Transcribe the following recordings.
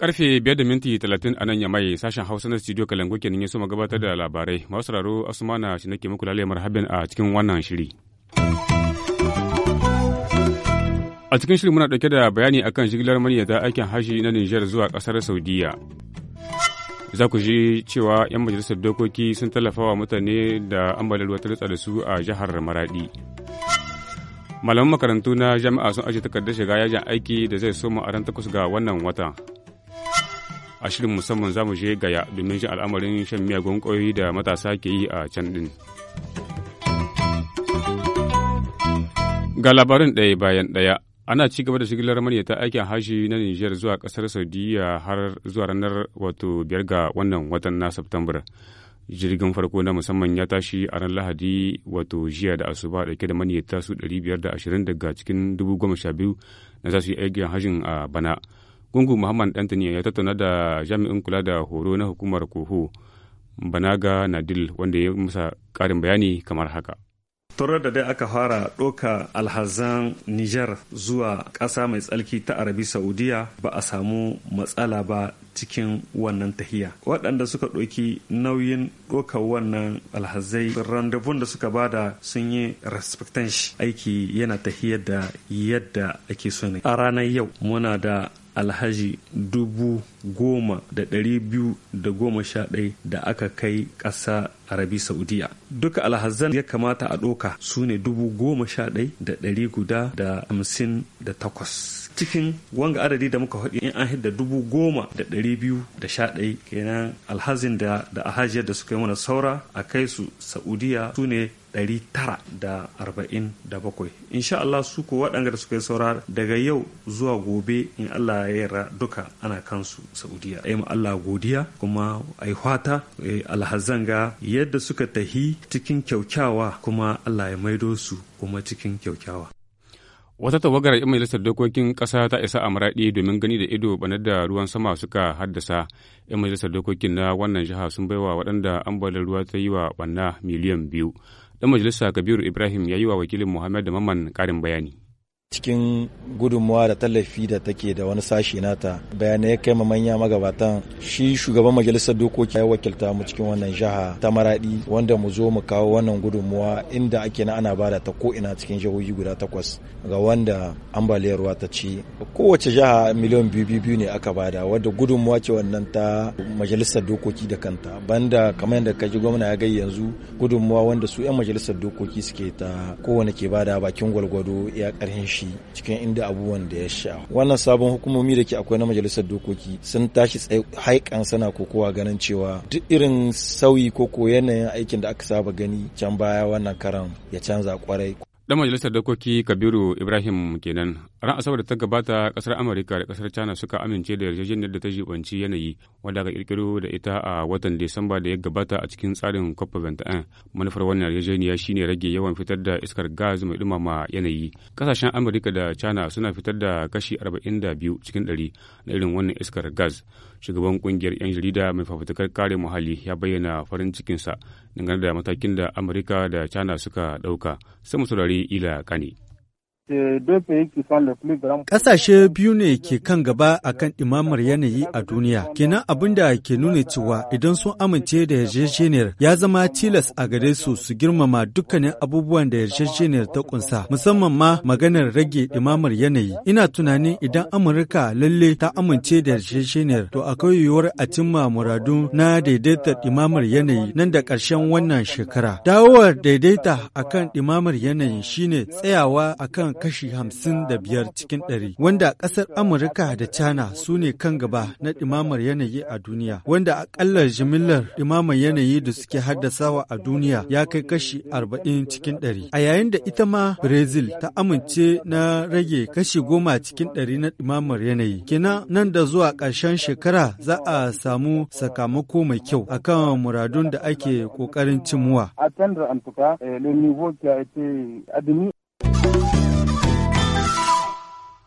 Karfe biyar da minti talatin a nan ya mai sashen Hausa na studio Kalangu kenan ya soma gabatar da labarai. Masu sauraro Asumana shi nake muku lalle marhaban a cikin wannan shiri. A cikin shirin muna dauke da bayani akan jigilar maniyyata aikin hashi na Nijar zuwa kasar Saudiya. za ku ji cewa 'yan majalisar dokoki sun tallafa wa mutane da ambaliyar ruwa ta rutsa da su a jihar maradi malaman makarantu na jami'a sun ajiye takardar shiga yajin aiki da zai soma a ran takwas ga wannan wata a shirin musamman za mu je gaya domin jin al'amarin shan miyagun ƙwayoyi da matasa ke yi a can ɗin ga labarin ɗaya bayan ɗaya ana ci gaba da shigilar ta aikin haji na Nijar zuwa kasar Saudiya har zuwa ranar wato biyar ga wannan watan na Septembar. Jirgin farko na musamman ya tashi a ran Lahadi wato jiya da asuba dauke da ta su 520 daga cikin 10,012 na za su yi aikin hajin a bana. Gungu Muhammad Dantani ya tattauna da jami'in kula da horo na hukumar Koho Banaga Nadil wanda ya musa karin bayani kamar haka. turar da dai aka fara ɗoka alhazan Nijar zuwa ƙasa mai tsalki ta Arabi Saudiya ba a samu matsala ba cikin wannan tahiya. Waɗanda suka ɗoki nauyin ɗokar wannan alhazai randevun da suka bada sun yi respectance aiki yana tahiyar da yadda ake so ne. A ranar yau muna da alhaji dubu goma da ɗari biyu da goma sha ɗai da aka kai ƙasa arabi saudiya duka alhazan ya kamata a ɗoka su ne dubu goma sha ɗai da ɗari guda da hamsin da takwas cikin wanga adadi da muka haɗi in an hidda dubu goma da ɗari biyu da sha ɗai kenan alhazin da da da suka yi mana saura a kai su saudiya su ne 947 insha Allah su ko waɗanda suka yi saura daga yau zuwa gobe in Allah ya yarda duka ana kansu Saudiya ai mu Allah godiya kuma ai fata alhazanga yadda suka tahi cikin kyaukyawa kuma Allah ya maido su kuma cikin kyaukyawa wata tawagar 'yan majalisar dokokin kasa ta isa a maraɗi domin gani da ido banar da ruwan sama suka haddasa 'yan majalisar dokokin na wannan jiha sun baiwa waɗanda ambalin ruwa ta yi wa ɓanna miliyan biyu Dan majalisa Kabiru Ibrahim ya yi wa wakilin Muhammad Maman karin bayani. cikin gudunmuwa da tallafi da take da wani sashi nata bayanai ya kai ma manya magabatan shi shugaban majalisar dokoki ya wakilta mu cikin wannan jiha ta maradi wanda mu zo mu kawo wannan gudunmuwa inda ake na ana bada ta ko'ina cikin jihohi guda takwas ga wanda ambaliyar ruwa ta ci kowace jiha miliyan biyu biyu ne aka bada wadda gudunmuwa ce wannan ta majalisar dokoki da kanta banda kamar yadda kaji gwamna ya gai yanzu gudunmuwa wanda su 'yan majalisar dokoki suke ta kowane ke bada bakin gwalgwado ya karhin shi shi cikin inda abubuwan da ya sha wannan sabon hukumomi da ke akwai na majalisar dokoki sun tashi tsaye haikan sana kokowa ganin cewa duk irin sauyi ko ko yanayin aikin da aka saba gani can baya wannan karan ya canza kwarai Dan majalisar dokoki Kabiru Ibrahim kenan ran asabar da ta gabata kasar Amurka da kasar China suka amince da yarjejeniyar da ta jibanci yanayi wadda aka kirkiro da ita a watan Disamba da ya gabata a cikin tsarin COP21. Manufar wannan yarjejeniya shine rage yawan fitar da iskar gas mai dumama yanayi. Kasashen Amurka da China suna fitar da kashi 42 cikin 100 na irin wannan iskar gas. shugaban kungiyar 'yan jarida mai fafutukar kare muhalli ya bayyana farin cikinsa dangane da matakin da amurka da china suka ɗauka sai mu saurari ila kane. Ƙasashe biyu ne ke kan gaba a kan ɗimamar yanayi a duniya. Kenan abin da ke nuna cewa idan sun amince da yarjejeniyar ya zama tilas a gare su su girmama dukkanin abubuwan da yarjejeniyar ta kunsa, musamman ma maganar rage ɗimamar yanayi. Ina tunanin idan Amurka lalle ta amince da yarjejeniyar to akwai yiwuwar a cimma muradu na daidaita ɗimamar yanayi nan da ƙarshen wannan shekara. Dawowar daidaita akan ɗimamar yanayi shine tsayawa akan kashi hamsin da biyar cikin ɗari, wanda ƙasar Amurka da China su ne kan gaba na ɗimamar yanayi a duniya, wanda aƙalla jimillar ɗimamar yanayi da suke haddasawa a duniya ya kai kashi arba'in cikin ɗari. A yayin da ita ma Brazil ta amince na rage kashi goma cikin ɗari na ɗimamar yanayi. Kina nan da zuwa ƙarshen shekara za a samu sakamako mai kyau akan muradun da ake ƙoƙarin cimuwa.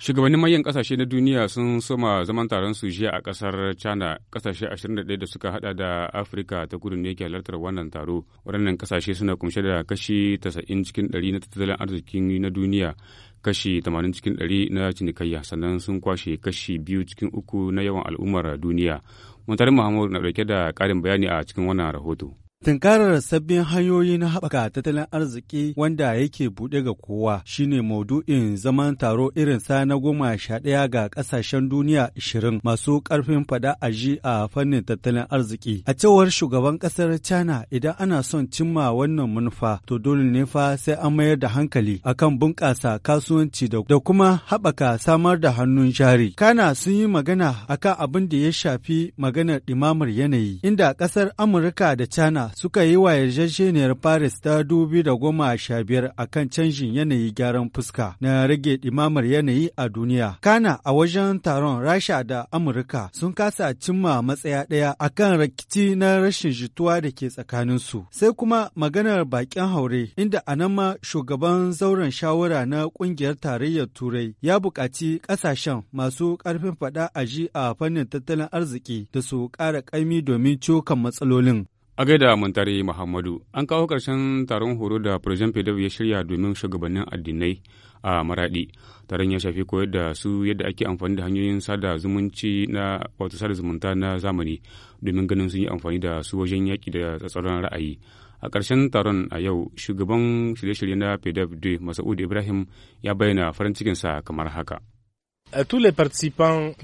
Shugabannin manyan kasashe na duniya sun soma zaman taron su jiya a kasar China, kasashe 21 da suka hada da Afirka ta kudu ne ke halartar wannan taro. Waɗannan kasashe suna kumshe da kashi 90 cikin 100 na tattalin arzikin na duniya, kashi 80 cikin 100 na cinikayya, sannan sun kwashe kashi biyu cikin uku na yawan al'ummar duniya. Muntarin Muhammadu na ɗauke da ƙarin bayani a cikin wannan rahoto. Tunkarar sabbin hanyoyi na haɓaka tattalin arziki wanda yake buɗe ga kowa shine maudu'in zaman taro irin sa na goma sha ɗaya ga ƙasashen duniya ashirin masu ƙarfin faɗa a ji a fannin tattalin arziki. A cewar shugaban ƙasar China idan ana son cimma wannan manufa to dole ne fa sai an mayar da hankali akan bunƙasa kasuwanci da kuma haɓaka samar da hannun jari. Kana sun yi magana akan abin da ya shafi maganar ɗimamar yanayi inda ƙasar Amurka da China suka yi wa yarjejeniyar Paris ta dubi da goma sha biyar a kan canjin yanayi gyaran fuska na rage ɗimamar yanayi a duniya. Kana a wajen taron Rasha da Amurka sun kasa cimma matsaya ɗaya a kan rikici na rashin jituwa da ke tsakaninsu. Sai kuma maganar baƙin haure inda a nan ma shugaban zauren shawara na ƙungiyar tarayyar Turai ya buƙaci ƙasashen masu ƙarfin faɗa a ji a fannin tattalin arziki da su ƙara ƙaimi domin cokan matsalolin. A gaida Muntari Muhammadu, an kawo ƙarshen taron horo da Prejan PW ya shirya domin shugabannin addinai a Maraɗi. Taron ya shafi koyar da su yadda ake amfani da hanyoyin sada zumunci na wato sada zumunta na zamani domin ganin sun yi amfani da su wajen yaki da tsatsauran ra'ayi. A ƙarshen taron a yau, shugaban shirye-shirye na PW Dui Masa'ud Ibrahim ya bayyana farin cikinsa kamar haka.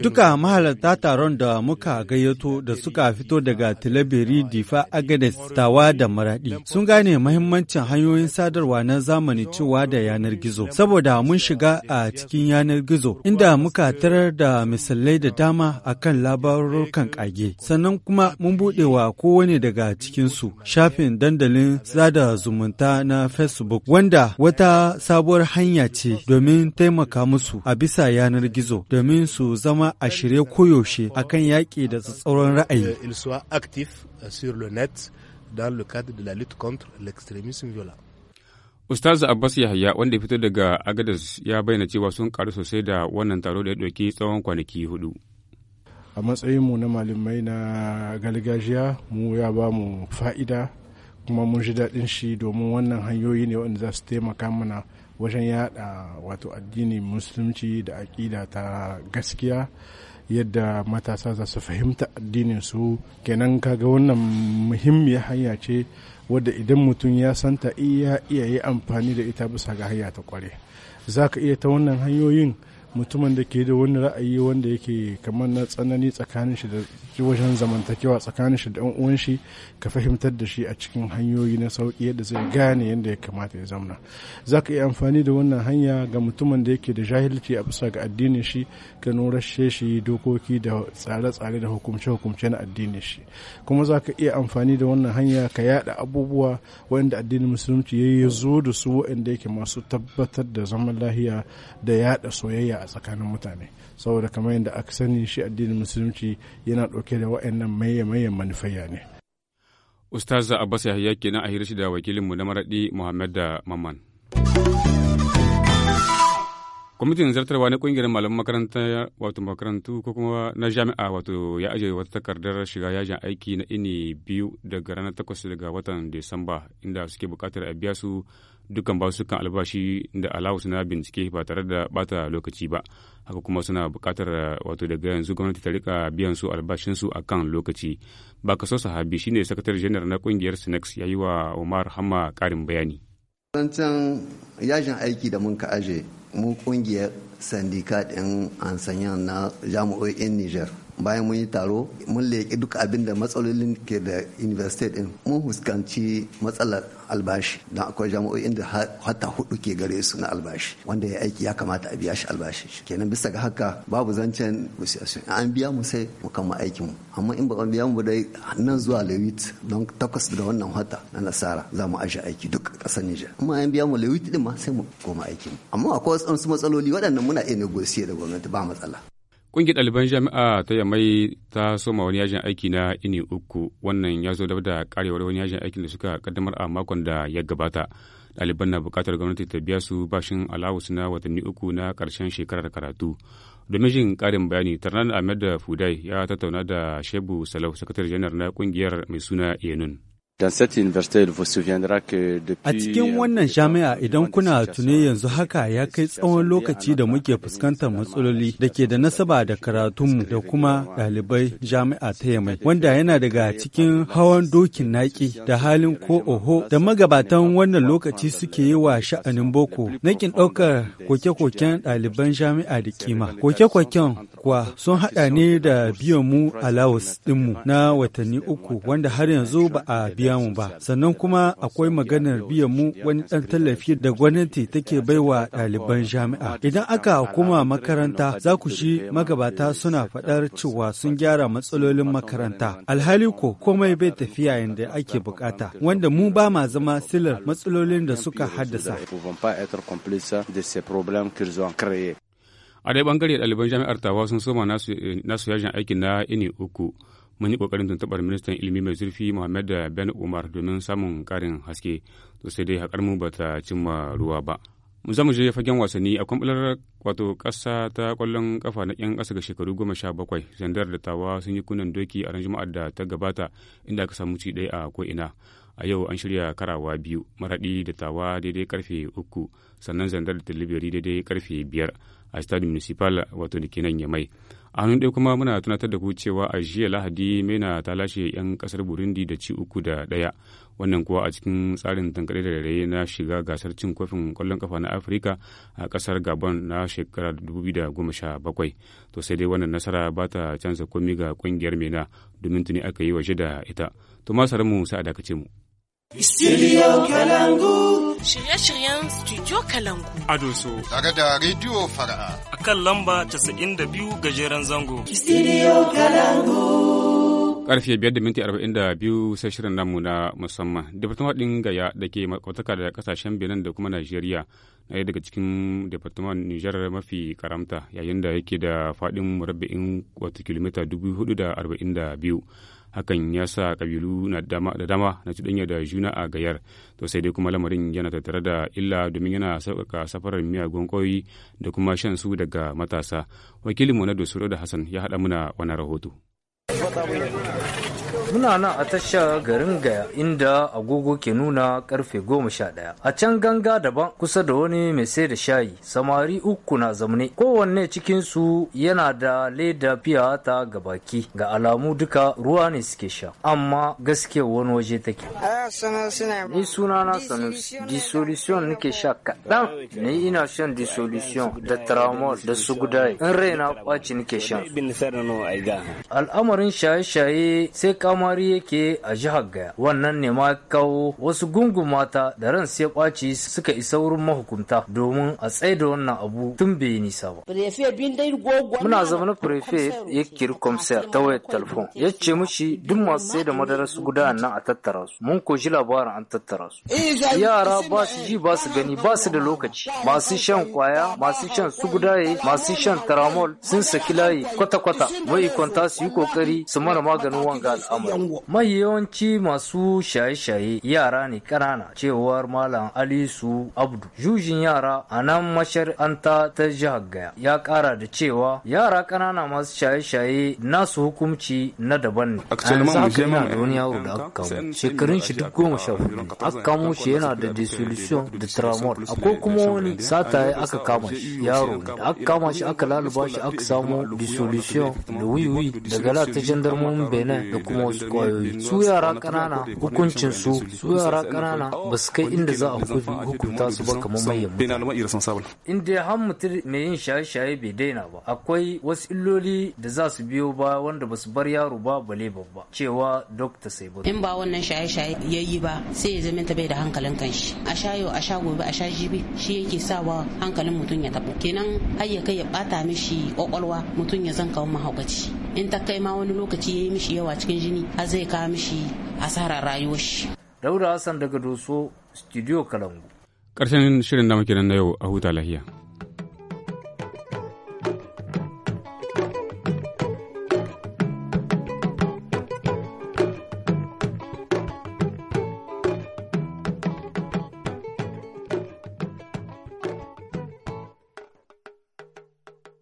Duka mahalarta taron da muka gayyato da suka fito daga Tilaberi, Difa, Agades, Tawa da Maradi sun gane mahimmancin hanyoyin sadarwa na zamani cewa da yanar gizo. Saboda mun shiga a cikin yanar gizo inda muka tarar da misalai da dama a kan labarukan kage. Sannan kuma mun buɗe wa kowane daga cikinsu shafin dandalin sada zumunta na Facebook wanda wata sabuwar hanya ce domin taimaka musu a bisa yanar gizo domin su zama a shirye koyaushe akan yaƙi da tsatsauran ra'ayi. Euh, Ustaz Abbas Yahya wanda ya fito daga Agadez ya bayyana cewa sun karu sosai da wannan taro da ya ɗauki tsawon kwanaki hudu. A matsayinmu na malamai na gargajiya mu ya ba mu fa'ida kuma mun ji daɗin shi domin wannan hanyoyi ne wanda za su taimaka mana wajen yada wato addini musulunci da aƙida ta gaskiya yadda matasa za su fahimta addinin su kenan kaga wannan muhimmiyar hanya ce wadda idan mutum ya santa iya iya yi amfani da ita bisa ga hanya ta kware za ka iya ta wannan hanyoyin mutumin da ke da wani ra'ayi wanda yake kamar na tsanani tsakanin shi da wajen zamantakewa tsakanin shi da yan uwan shi ka fahimtar da shi a cikin hanyoyi na sauki yadda zai gane yadda ya kamata ya zauna za ka iya amfani da wannan hanya ga mutumin da yake da jahilci a bisa ga addinin shi ka nurashe shi dokoki da tsare-tsare da hukumce-hukumce na addinin shi kuma za ka iya amfani da wannan hanya ka yada abubuwa wanda addinin musulunci ya yi zo da su waanda yake masu tabbatar da zaman lahiya da yada soyayya a tsakanin mutane saboda kamar yadda aka sani shi addinin musulunci yana ɗauke ɗauke da waɗannan maye maye manufaiya ne. Ustaz Abbas Yahya kenan a hira shi da wakilinmu na maraɗi Muhammad da Maman. kwamitin zartarwa na ƙungiyar malaman makaranta wato makarantu ko kuma na jami'a wato ya ajiye wata takardar shiga yajin aiki na ini biyu daga ranar takwas daga watan disamba inda suke buƙatar a biya su dukkan ba su kan albashi da allowance na bincike ba tare da bata lokaci ba haka kuma suna bukatar wato daga yanzu gwamnati ta rika biyan su albashinsu a kan lokaci ba so sahabi shine sakatare general na kungiyar sinex ya yi wa umar hamma ƙarin bayani zancen yajin aiki da mun ka aje mu kungiyar sandika an ansanya na jami'o'in niger bayan mun yi taro mun leƙi duk abin da matsalolin ke da university ɗin mun fuskanci matsalar albashi don akwai jami'o'in da hatta hudu ke gare su na albashi wanda ya aiki ya kamata a biya shi albashi kenan bisa ga haka babu zancen negotiation an biya mu sai mu kama aikin mu amma in ba biya mu dai nan zuwa lewit don takwas da wannan hata na nasara za mu aje aiki duk kasar Nijar amma an biya mu lewit din ma sai mu koma aikin mu amma akwai wasu matsaloli waɗannan muna iya negosiye da gwamnati ba matsala Ƙungiyar ɗaliban jami'a ta yammai ta soma wani yajin aiki na ini uku wannan ya zo da karewar wani yajin aikin da suka kaddamar a makon da ya gabata. Ɗaliban na buƙatar gwamnati ta biya su bashin alawus na watanni uku na ƙarshen shekarar karatu. Domin jin ƙarin bayani, Tarnan Ahmed Fudai ya tattauna da Shebu Salau, sakatare janar na ƙungiyar mai suna Yenun. A cikin wannan jami'a idan kuna tune yanzu haka ya kai tsawon lokaci da muke fuskantar matsaloli da ke da nasaba da karatunmu da kuma ɗalibai jami'a ta yamai wanda yana daga cikin hawan dokin naki da halin ko oho da magabatan wannan lokaci suke yi wa sha'anin boko nakin ɗaukar koke-koken ɗaliban jami'a da kima koke-koken kuwa sun haɗa ne da biyan mu alawus ɗinmu na watanni uku wanda har yanzu ba a biya biya mu ba. Sannan kuma akwai maganar biyan mu wani dan tallafi da gwamnati take baiwa ɗaliban jami'a. Idan aka hukuma makaranta za ku shi magabata suna faɗar cewa sun gyara matsalolin makaranta. Alhali ko komai bai tafiya yadda ake bukata, wanda mu ba ma zama silar matsalolin da suka haddasa. A dai bangare ɗaliban jami'ar tawa sun soma nasu yajin aiki na ini uku. mun yi kokarin tuntubar ministan ilimi mai zurfi Muhammad Ben Umar domin samun karin haske to sai dai haƙar mu ba ta cimma ruwa ba. Mu zamu je fagen wasanni a kwamfular wato kasa ta kwallon kafa na 'yan kasa ga shekaru goma sha bakwai zandar da tawa sun yi kunan doki a ran juma'ar da ta gabata inda aka samu ci ɗaya a ko'ina. a yau an shirya karawa biyu maraɗi da tawa daidai karfe uku sannan zandar da talibiri daidai karfe biyar a stadium municipal wato da kenan mai. a hannun dai kuma muna tunatar da ku cewa a jiya lahadi mena ta lashe 'yan kasar burundi da ci uku da daya wannan kuwa a cikin tsarin tankare da raye na shiga gasar cin kofin kwallon kafa na afirka a ƙasar gabon na shekara 2017 to sai dai wannan nasara ba ta canza komi ga ƙungiyar mena domin tuni aka yi waje da ita to masarar mu sa'ada a dakace mu. shirye-shiryen Studio Kalangu. A Doso. Tare da Radio Fara'a. A kan lamba 92 gajeren zango. Studio Kalangu. Karfe 5:42 sai shirin namu na musamman. Departement ɗin Gaya da ke makwataka da kasashen Benin da kuma Najeriya na daga cikin Departement Nijar mafi karamta yayin da yake da faɗin murabba'in wata kilomita 442. hakan ya sa kabilu da dama na cuɗanya da juna a gayar to sai dai kuma lamarin yana tattare da illa domin yana sauƙaƙa safarar miyagun ƙwayoyi da kuma shan su daga matasa wakilinmu na dosoro da hassan ya haɗa muna wani rahoto Muna nan a tasha garin Gaya inda agogo ke nuna karfe goma sha ɗaya. A can ganga daban kusa da wani mai sai da shayi samari uku na zamne. Kowanne cikinsu yana da leda fiya ta ga baki ga alamu duka ruwa ne suke sha. Amma gaske wani waje take. Ah, Ni suna na Sanusi. Dissolution nake sha kaɗan. Ni ina shan dissolution da tramol da su gudaye. In raina ɓaci nake shan. Al'amarin shaye-shaye sai kamari yake a jihar Gaya. Wannan ne ma kawo wasu gungun mata da ran sai ɓaci suka isa wurin mahukunta domin a tsaye da wannan abu tun bai nisa ba. Muna zama prefe ya kiri komsa ta wayar telefon. Ya ce mushi duk masu sai da madarar su guda nan a tattara su. Mun ko ji labarin an tattara su. Eh, Yara ba su ji ba su gani ba su da lokaci. Masu shan kwaya, masu shan sugudaye, masu shan taramol sun saki layi kwata-kwata. Mai kwanta su yi kokari shaye su mana maganin wanga al'amari mai yawanci masu shaye-shaye yara ne kanana cewar malam alisu abdu jujin yara a nan mashar'anta ta jihar gaya ya ƙara da cewa yara kanana masu shaye-shaye nasu hukumci na daban ne a yanzu haka yana da wani yaro da aka kamo shekarun shi duk goma sha hudu aka shi yana da dissolution da tramor akwai kuma wani sataye aka kama shi yaro da aka kama shi aka laluba shi aka samo dissolution da wiwi daga la ta jandarmomin benin da kuma wasu kwayoyi su yara kanana hukuncin su su yara kanana ba su kai inda za a hukunta su ba kamar manyan mutane in dai har mutum mai yin shaye-shaye bai daina ba akwai wasu illoli da za su biyo ba wanda ba su bar yaro ba bale babba cewa dokta sai in ba wannan shaye-shaye ya yi ba sai ya zama ta bai da hankalin kanshi a shayo a sha gobe a sha jibi shi yake sawa hankalin mutum ya tabo kenan har ya kai ya bata mishi kwakwalwa mutum ya zan kawo mahaukaci in ta kai ma wani lokaci lokaci ya yi mishi yawa cikin jini har zai kawo mishi asarar rayuwar shi. Daura Hassan daga Doso, Studio Kalangu. Ƙarshen shirin da muke nan na yau a huta lahiya.